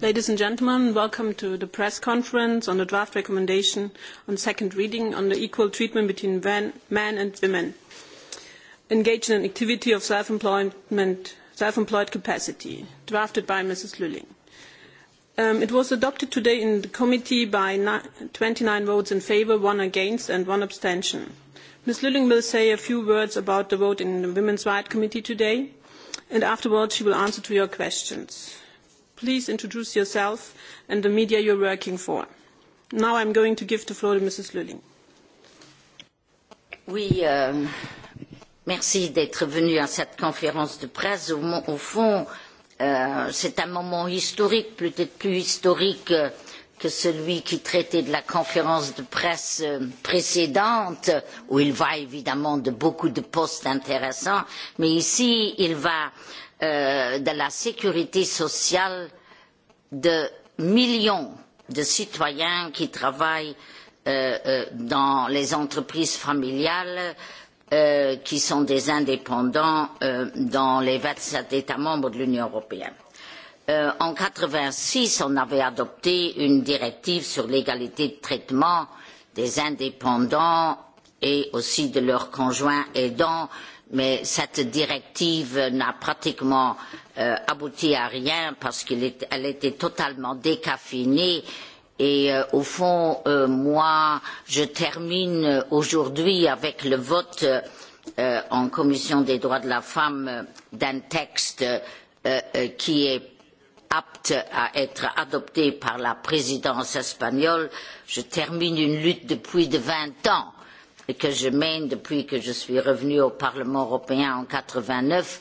Ladies and gentlemen, welcome to the press conference on the draft recommendation on second reading on the equal treatment between men and women engaged in an activity of self-employed self capacity, drafted by Mrs. Lülling. It was adopted today in the committee by 29 votes in favor, one against and one abstention. Ms. Lülling will say a few words about the vote in the Women's Rights Committee today, and afterwards she will answer to your questions. Please introduce yourself and the media you're working for. Now I'm going to give the floor to Mrs. Lulling. Oui, merci d'être venu à cette conférence de presse. Au fond, c'est un moment historique, peut-être plus historique que celui qui traitait de la conférence de presse précédente, où il va évidemment de beaucoup de postes intéressants, mais ici, il va de la sécurité sociale de millions de citoyens qui travaillent dans les entreprises familiales, qui sont des indépendants dans les vingt sept États membres de l'Union européenne. En quatre vingt six, on avait adopté une directive sur l'égalité de traitement des indépendants et aussi de leurs conjoints aidants mais cette directive n'a pratiquement abouti à rien parce qu'elle était totalement décaffinée et au fond moi je termine aujourd'hui avec le vote en commission des droits de la femme d'un texte qui est apte à être adopté par la présidence espagnole je termine une lutte depuis de vingt ans et que je mène depuis que je suis revenue au Parlement européen en quatre vingt neuf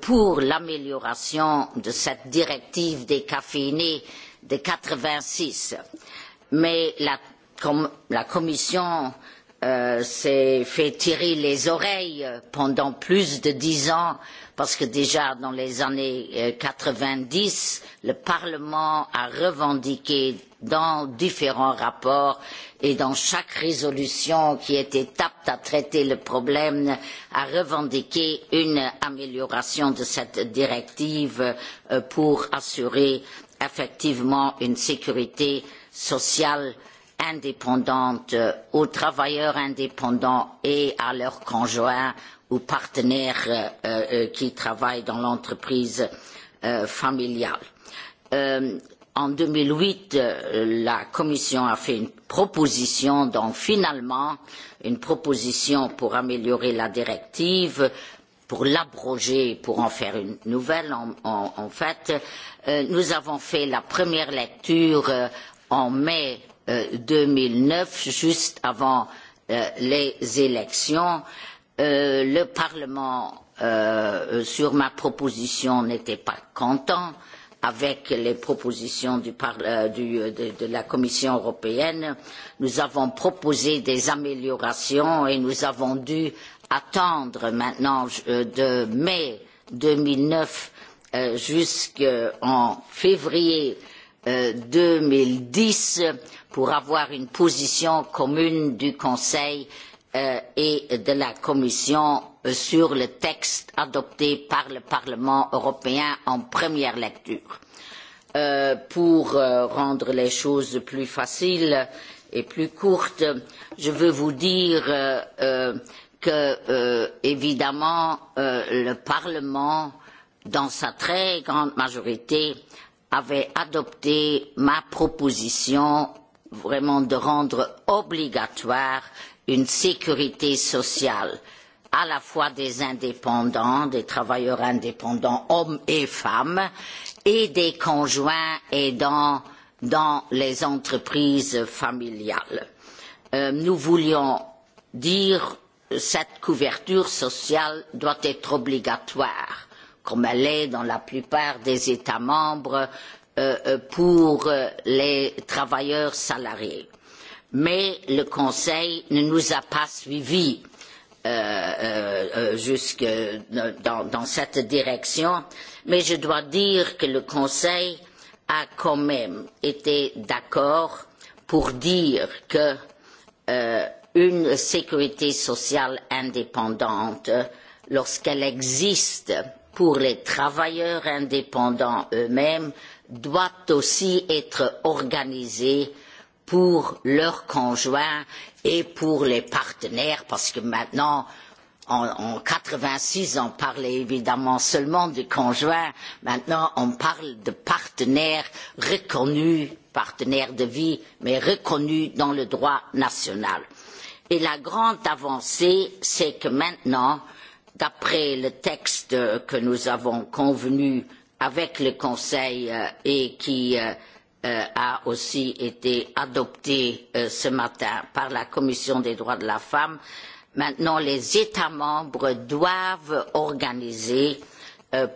pour l'amélioration de cette directive des décaféinée de 86. Mais la Commission s'est fait tirer les oreilles pendant plus de dix ans parce que déjà dans les années quatre vingt dix le parlement a revendiqué dans différents rapports et dans chaque résolution qui était apte à traiter le problème a revendiqué une amélioration de cette directive pour assurer effectivement une sécurité sociale indépendante aux travailleurs indépendants et à leurs conjoints ou partenaires qui travaillent dans l'entreprise familiale. En 2008, la Commission a fait une proposition, donc finalement une proposition pour améliorer la directive, pour l'abroger, pour en faire une nouvelle en fait. Nous avons fait la première lecture en mai deux mille neuf juste avant les élections le parlement sur ma proposition n'était pas content avec les propositions de la commission européenne nous avons proposé des améliorations et nous avons dû attendre maintenant de mai 2009 jusqu'en février deux mille dix pour avoir une position commune du conseil et de la commission sur le texte adopté par le parlement européen en première lecture. pour rendre les choses plus faciles et plus courtes je veux vous dire que évidemment le parlement dans sa très grande majorité avait adopté ma proposition vraiment de rendre obligatoire une sécurité sociale à la fois des indépendants, des travailleurs indépendants, hommes et femmes, et des conjoints aidants dans les entreprises familiales. Nous voulions dire que cette couverture sociale doit être obligatoire comme elle est dans la plupart des États membres pour les travailleurs salariés. Mais le Conseil ne nous a pas suivis jusque dans cette direction, mais je dois dire que le Conseil a quand même été d'accord pour dire qu'une sécurité sociale indépendante, lorsqu'elle existe, pour les travailleurs indépendants eux-mêmes doit aussi être organisée pour leurs conjoints et pour les partenaires, parce que maintenant, en quatre-vingt-six, on parlait évidemment seulement des conjoints, maintenant on parle de partenaires reconnus, partenaires de vie, mais reconnus dans le droit national. Et la grande avancée, c'est que maintenant, d'après le texte que nous avons convenu avec le Conseil et qui a aussi été adopté ce matin par la Commission des droits de la femme, maintenant les États membres doivent organiser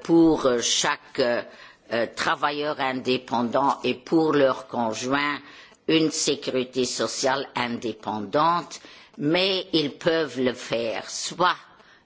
pour chaque travailleur indépendant et pour leur conjoint une sécurité sociale indépendante, mais ils peuvent le faire soit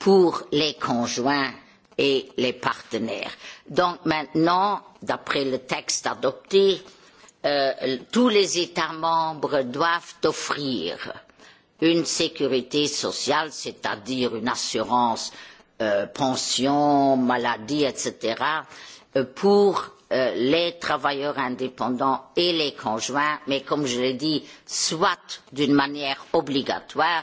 pour les conjoints et les partenaires. Donc maintenant, d'après le texte adopté, tous les États membres doivent offrir une sécurité sociale, c'est-à-dire une assurance pension, maladie, etc., pour les travailleurs indépendants et les conjoints, mais comme je l'ai dit, soit d'une manière obligatoire,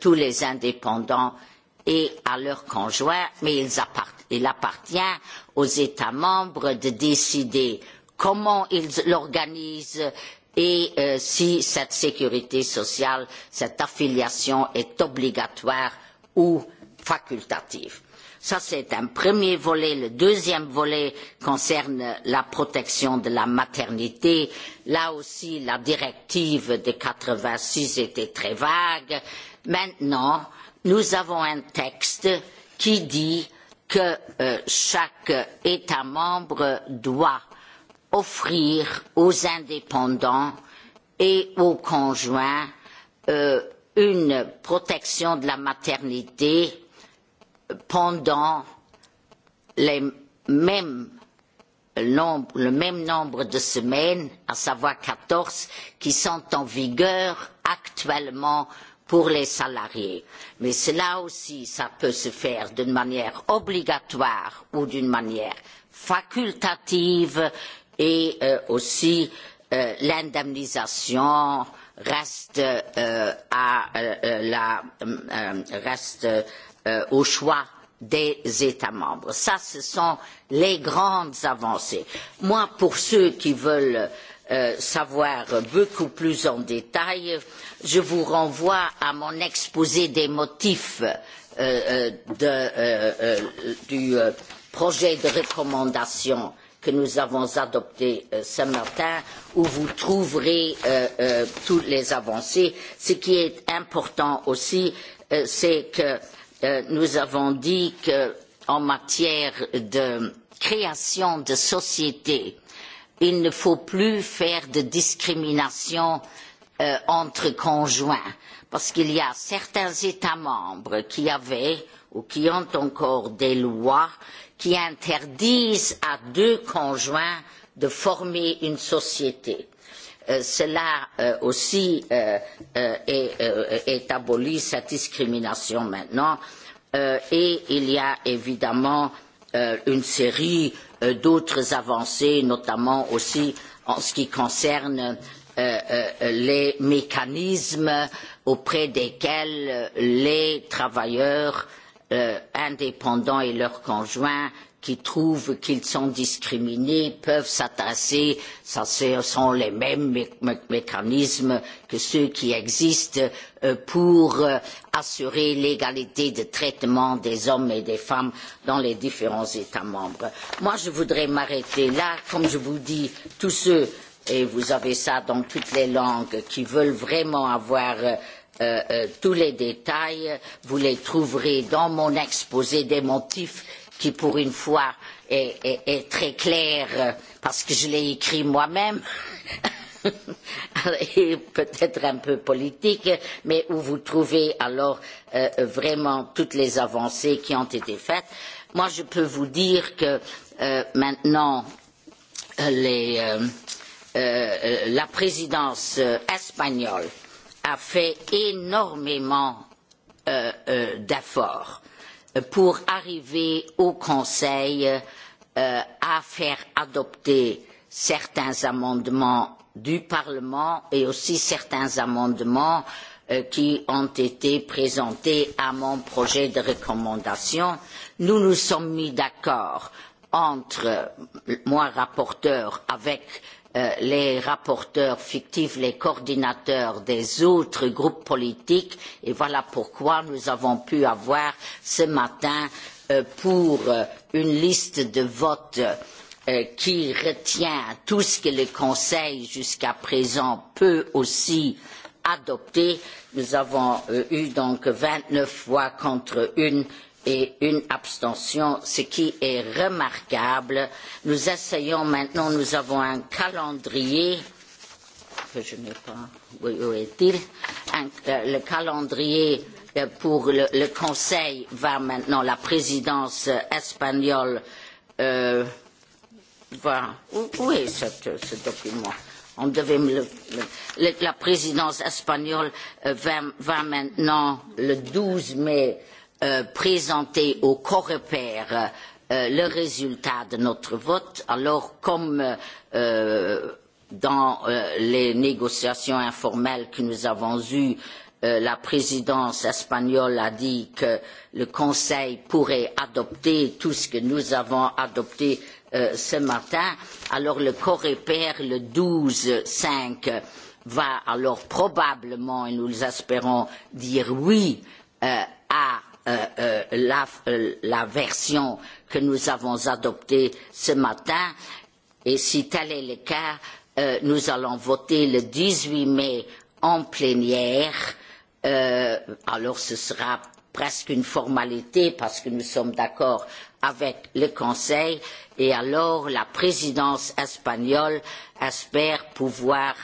tous les indépendants et à leurs conjoints, mais il appartient aux États membres de décider comment ils l'organisent et si cette sécurité sociale, cette affiliation est obligatoire ou facultative. Ça, c'est un premier volet. Le deuxième volet concerne la protection de la maternité. Là aussi, la directive de 86 était très vague. Maintenant, nous avons un texte qui dit que chaque État membre doit offrir aux indépendants et aux conjoints une protection de la maternité pendant les mêmes le même nombre de semaines, à savoir 14, qui sont en vigueur actuellement pour les salariés. Mais cela aussi, ça peut se faire d'une manière obligatoire ou d'une manière facultative et aussi l'indemnisation reste à au choix des États membres. Ça, ce sont les grandes avancées. Moi, pour ceux qui veulent savoir beaucoup plus en détail, je vous renvoie à mon exposé des motifs du projet de recommandation que nous avons adopté ce matin, où vous trouverez toutes les avancées. Ce qui est important aussi, c'est que nous avons dit qu'en matière de création de sociétés il ne faut plus faire de discrimination entre conjoints parce qu'il y a certains états membres qui avaient ou qui ont encore des lois qui interdisent à deux conjoints de former une société cela aussi est aboli, cette discrimination maintenant et il y a évidemment une série d'autres avancées notamment aussi en ce qui concerne les mécanismes auprès desquels les travailleurs indépendants et leurs conjoints qui trouvent qu'ils sont discriminés peuvent s'attasser, ce sont les mêmes mécanismes que ceux qui existent pour assurer l'égalité de traitement des hommes et des femmes dans les différents États membres. Moi, je voudrais m'arrêter là. Comme je vous dis, tous ceux, et vous avez ça dans toutes les langues, qui veulent vraiment avoir tous les détails, vous les trouverez dans mon exposé des motifs qui pour une fois est très clair parce que je l'ai écrit moi-même et peut-être un peu politique, mais où vous trouvez alors vraiment toutes les avancées qui ont été faites. Moi, je peux vous dire que maintenant, la présidence espagnole a fait énormément d'efforts pour arriver au Conseil à faire adopter certains amendements du Parlement et aussi certains amendements qui ont été présentés à mon projet de recommandation. Nous nous sommes mis d'accord entre moi, rapporteur, avec les rapporteurs fictifs les coordinateurs des autres groupes politiques et voilà pourquoi nous avons pu avoir ce matin pour une liste de votes qui retient tout ce que le conseil jusqu'à présent peut aussi adopter nous avons eu donc vingt neuf voix contre une et une abstention, ce qui est remarquable. Nous essayons maintenant, nous avons un calendrier que je n'ai pas où est il le calendrier pour le Conseil va maintenant la présidence espagnole va où est ce document? On devait la présidence espagnole va maintenant le 12 mai présenter au coreper le résultat de notre vote alors comme dans les négociations informelles que nous avons eues la présidence espagnole a dit que le conseil pourrait adopter tout ce que nous avons adopté ce matin alors le coreper le 12 5 va alors probablement et nous espérons dire oui à la version que nous avons adoptée ce matin et si tel est le cas nous allons voter le dix huit mai en plénière alors ce sera presque une formalité parce que nous sommes d'accord avec le conseil et alors la présidence espagnole espère pouvoir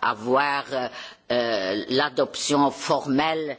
avoir l'adoption formelle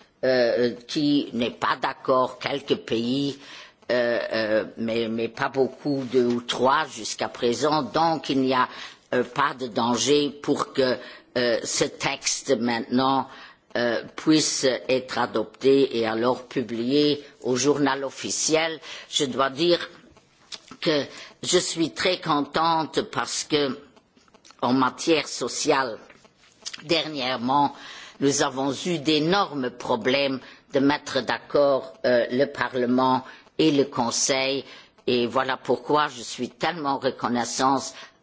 qui n'est pas d'accord, quelques pays, mais pas beaucoup, deux ou trois jusqu'à présent. Donc il n'y a pas de danger pour que ce texte maintenant puisse être adopté et alors publié au journal officiel. Je dois dire que je suis très contente parce que en matière sociale, dernièrement, nous avons eu d'énormes problèmes de mettre d'accord le Parlement et le Conseil et voilà pourquoi je suis tellement reconnaissante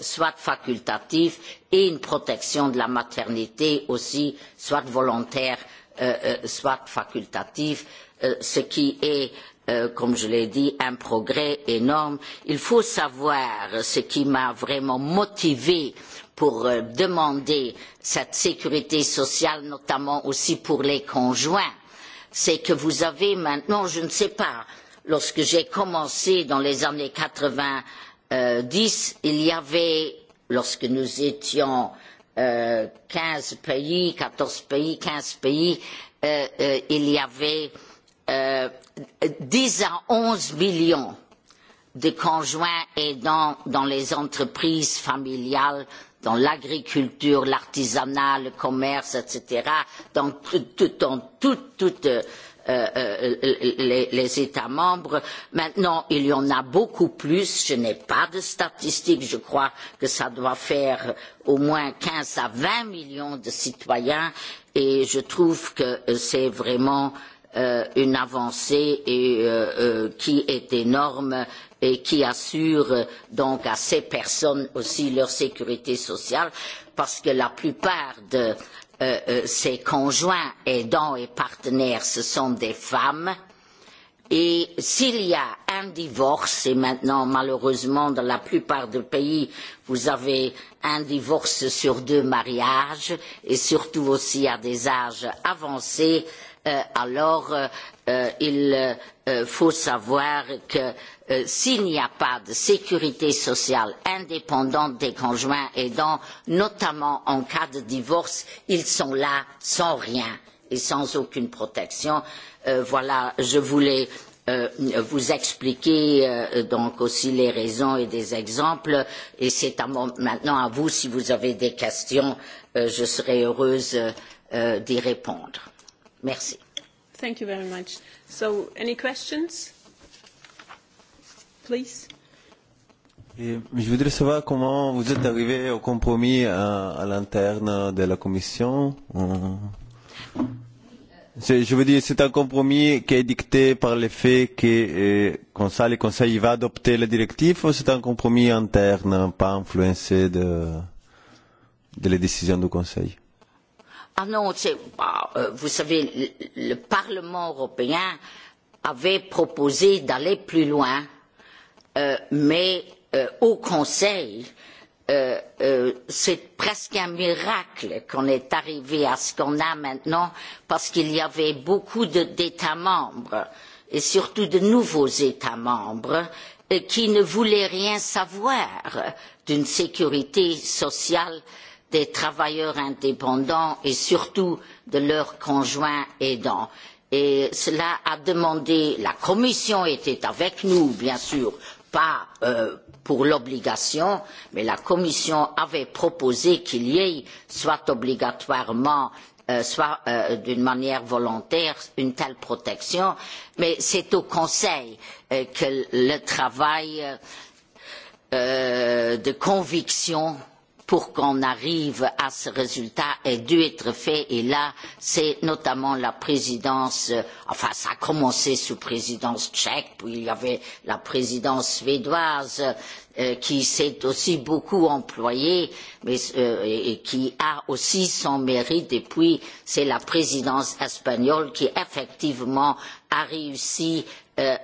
soit facultative et une protection de la maternité aussi soit volontaire soit facultative ce qui est comme je l'ai dit un progrès énorme. il faut savoir ce qui m'a vraiment motivée pour demander cette sécurité sociale notamment aussi pour les conjoints c'est que vous avez maintenant je ne sais pas lorsque j'ai commencé dans les années quatre vingts 10, il y avait lorsque nous étions quinze pays quatorze pays quinze pays il y avait 10 à onze millions de conjoints aidants dans les entreprises familiales dans l'agriculture l'artisanat le commerce etc. dans toute les États membres. Maintenant, il y en a beaucoup plus. Je n'ai pas de statistiques. Je crois que ça doit faire au moins 15 à 20 millions de citoyens. Et je trouve que c'est vraiment une avancée qui est énorme et qui assure donc à ces personnes aussi leur sécurité sociale parce que la plupart de ses conjoints aidants et partenaires, ce sont des femmes. Et s'il y a un divorce, et maintenant malheureusement dans la plupart des pays, vous avez un divorce sur deux mariages, et surtout aussi à des âges avancés, alors il faut savoir que s'il n'y a pas de sécurité sociale indépendante des conjoints aidants, notamment en cas de divorce, ils sont là sans rien et sans aucune protection. Voilà, je voulais vous expliquer donc aussi les raisons et des exemples et c'est maintenant à vous si vous avez des questions, je serai heureuse d'y répondre. Merci. Thank you very much. So, any questions? Je voudrais savoir comment vous êtes arrivé au compromis à l'interne de la Commission. Je veux dire, c'est un compromis qui est dicté par le fait que, le Conseil va adopter la directive ou c'est un compromis interne, pas influencé de, de les décisions du Conseil Ah non, vous savez, le Parlement européen avait proposé d'aller plus loin mais au Conseil, c'est presque un miracle qu'on est arrivé à ce qu'on a maintenant, parce qu'il y avait beaucoup d'États membres, et surtout de nouveaux États membres, qui ne voulaient rien savoir d'une sécurité sociale des travailleurs indépendants et surtout de leurs conjoints aidants. Et cela a demandé, la Commission était avec nous, bien sûr, pas pour l'obligation, mais la Commission avait proposé qu'il y ait soit obligatoirement, soit d'une manière volontaire, une telle protection, mais c'est au Conseil que le travail de conviction pour qu'on arrive à ce résultat a ce resultat est être fait et là c'est notamment la présidence enfin ça a commencé sous présidence tchèque puis il y avait la présidence suédoise qui s'est aussi beaucoup employée et qui a aussi son mérite et puis c'est la présidence espagnole qui effectivement a réussi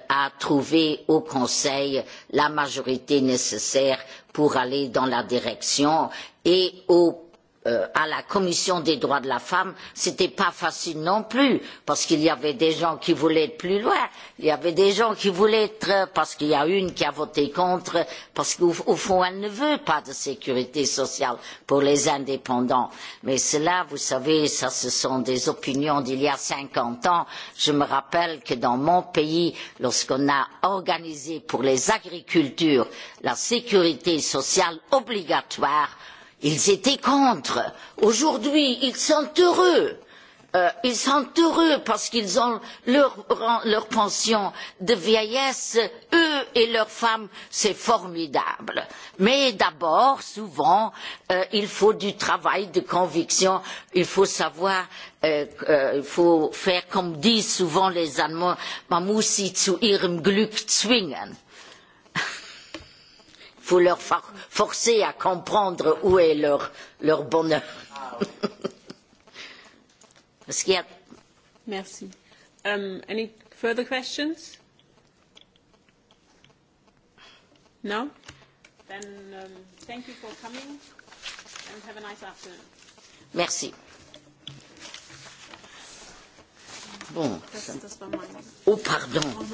à trouver au Conseil la majorité nécessaire pour aller dans la direction et au à la commission des droits de la femme ce n'était pas facile non plus parce qu'il y avait des gens qui voulaient être plus loin il y avait des gens qui voulaient être parce qu'il y a une qui a voté contre parce qu'au fond elle ne veut pas de sécurité sociale pour les indépendants mais cela vous savez ça ce sont des opinions d'il y a cinquante ans je me rappelle que dans mon pays lorsqu'on a organisé pour les agricultures la sécurité sociale obligatoire ils étaient contre. Aujourd'hui, ils sont heureux. Ils sont heureux parce qu'ils ont leur pension de vieillesse, eux et leurs femmes, c'est formidable. Mais d'abord, souvent, il faut du travail de conviction, il faut savoir, il faut faire comme disent souvent les Allemands, man muss zu ihrem Glück zwingen vous leur forcer à comprendre où est leur bonheur. Merci. Any further questions? No? Then thank you for coming and have a nice afternoon. Merci. Bon. Oh, pardon.